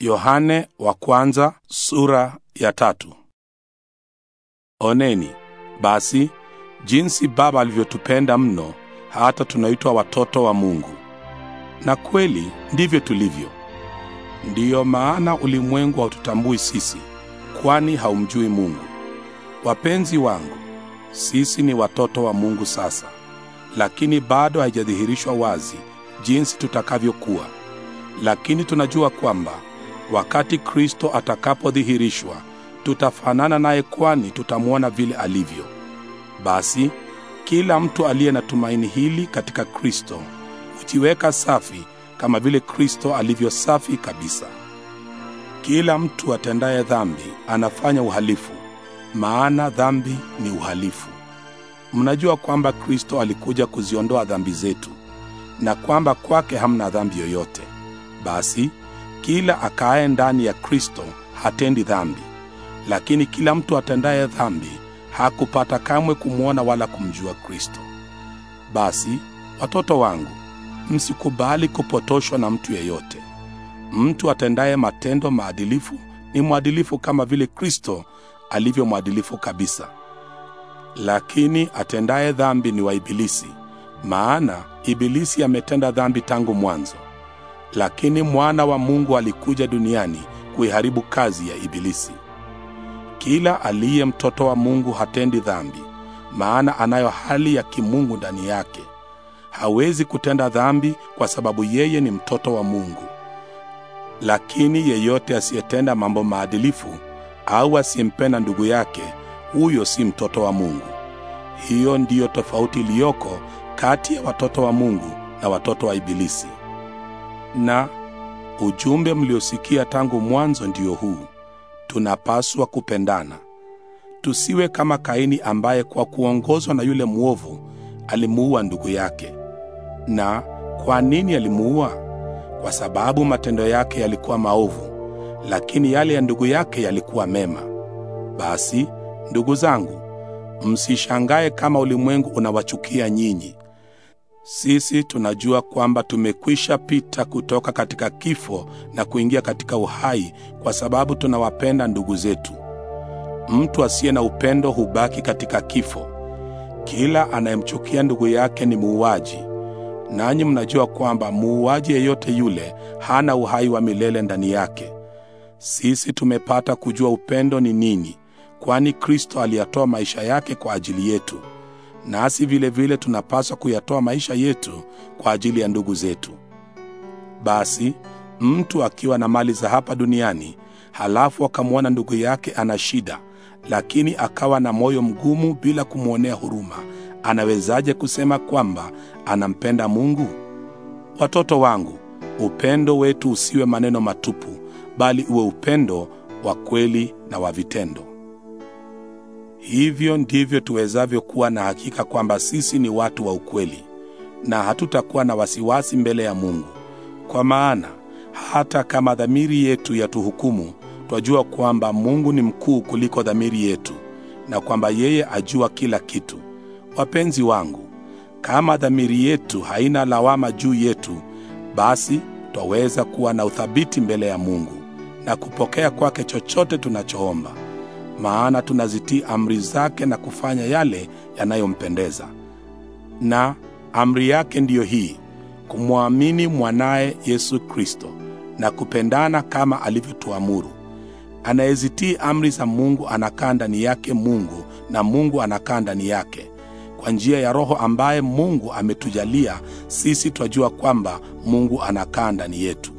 Yohane wa kwanza sura ya tatu. Oneni basi jinsi Baba alivyotupenda mno hata tunaitwa watoto wa Mungu. Na kweli ndivyo tulivyo. Ndiyo maana ulimwengu haututambui sisi, kwani haumjui Mungu. Wapenzi wangu, sisi ni watoto wa Mungu sasa, lakini bado haijadhihirishwa wazi jinsi tutakavyokuwa. Lakini tunajua kwamba wakati Kristo atakapodhihirishwa tutafanana naye, kwani tutamwona vile alivyo. Basi kila mtu aliye na tumaini hili katika Kristo hujiweka safi kama vile Kristo alivyo safi kabisa. Kila mtu atendaye dhambi anafanya uhalifu, maana dhambi ni uhalifu. Mnajua kwamba Kristo alikuja kuziondoa dhambi zetu na kwamba kwake hamna dhambi yoyote. Basi kila akaaye ndani ya Kristo hatendi dhambi, lakini kila mtu atendaye dhambi hakupata kamwe kumwona wala kumjua Kristo. Basi watoto wangu, msikubali kupotoshwa na mtu yeyote. Mtu atendaye matendo maadilifu ni mwadilifu kama vile Kristo alivyo mwadilifu kabisa. Lakini atendaye dhambi ni wa Ibilisi, maana Ibilisi ametenda dhambi tangu mwanzo lakini mwana wa Mungu alikuja duniani kuiharibu kazi ya Ibilisi. Kila aliye mtoto wa Mungu hatendi dhambi, maana anayo hali ya kimungu ndani yake. Hawezi kutenda dhambi kwa sababu yeye ni mtoto wa Mungu. Lakini yeyote asiyetenda mambo maadilifu au asiyempenda ndugu yake, huyo si mtoto wa Mungu. Hiyo ndiyo tofauti iliyoko kati ya watoto wa Mungu na watoto wa Ibilisi na ujumbe mliosikia tangu mwanzo ndio huu: tunapaswa kupendana. Tusiwe kama Kaini ambaye kwa kuongozwa na yule mwovu alimuua ndugu yake. Na kwa nini alimuua? Kwa sababu matendo yake yalikuwa maovu, lakini yale ya ndugu yake yalikuwa mema. Basi ndugu zangu, msishangae kama ulimwengu unawachukia nyinyi, sisi tunajua kwamba tumekwisha pita kutoka katika kifo na kuingia katika uhai kwa sababu tunawapenda ndugu zetu. Mtu asiye na upendo hubaki katika kifo. Kila anayemchukia ndugu yake ni muuaji. Nanyi mnajua kwamba muuaji yeyote yule hana uhai wa milele ndani yake. Sisi tumepata kujua upendo ni nini, kwani Kristo aliyatoa maisha yake kwa ajili yetu nasi vile vile tunapaswa kuyatoa maisha yetu kwa ajili ya ndugu zetu. Basi mtu akiwa na mali za hapa duniani, halafu akamwona ndugu yake ana shida, lakini akawa na moyo mgumu bila kumwonea huruma, anawezaje kusema kwamba anampenda Mungu? Watoto wangu, upendo wetu usiwe maneno matupu, bali uwe upendo wa kweli na wa vitendo. Hivyo ndivyo tuwezavyo kuwa na hakika kwamba sisi ni watu wa ukweli na hatutakuwa na wasiwasi mbele ya Mungu, kwa maana hata kama dhamiri yetu yatuhukumu, twajua kwamba Mungu ni mkuu kuliko dhamiri yetu na kwamba yeye ajua kila kitu. Wapenzi wangu, kama dhamiri yetu haina lawama juu yetu, basi twaweza kuwa na uthabiti mbele ya Mungu na kupokea kwake chochote tunachoomba maana tunazitii amri zake na kufanya yale yanayompendeza. Na amri yake ndiyo hii, kumwamini mwanaye Yesu Kristo na kupendana kama alivyotuamuru. Anayezitii amri za Mungu anakaa ndani yake Mungu na Mungu anakaa ndani yake. Kwa njia ya Roho ambaye Mungu ametujalia sisi, twajua kwamba Mungu anakaa ndani yetu.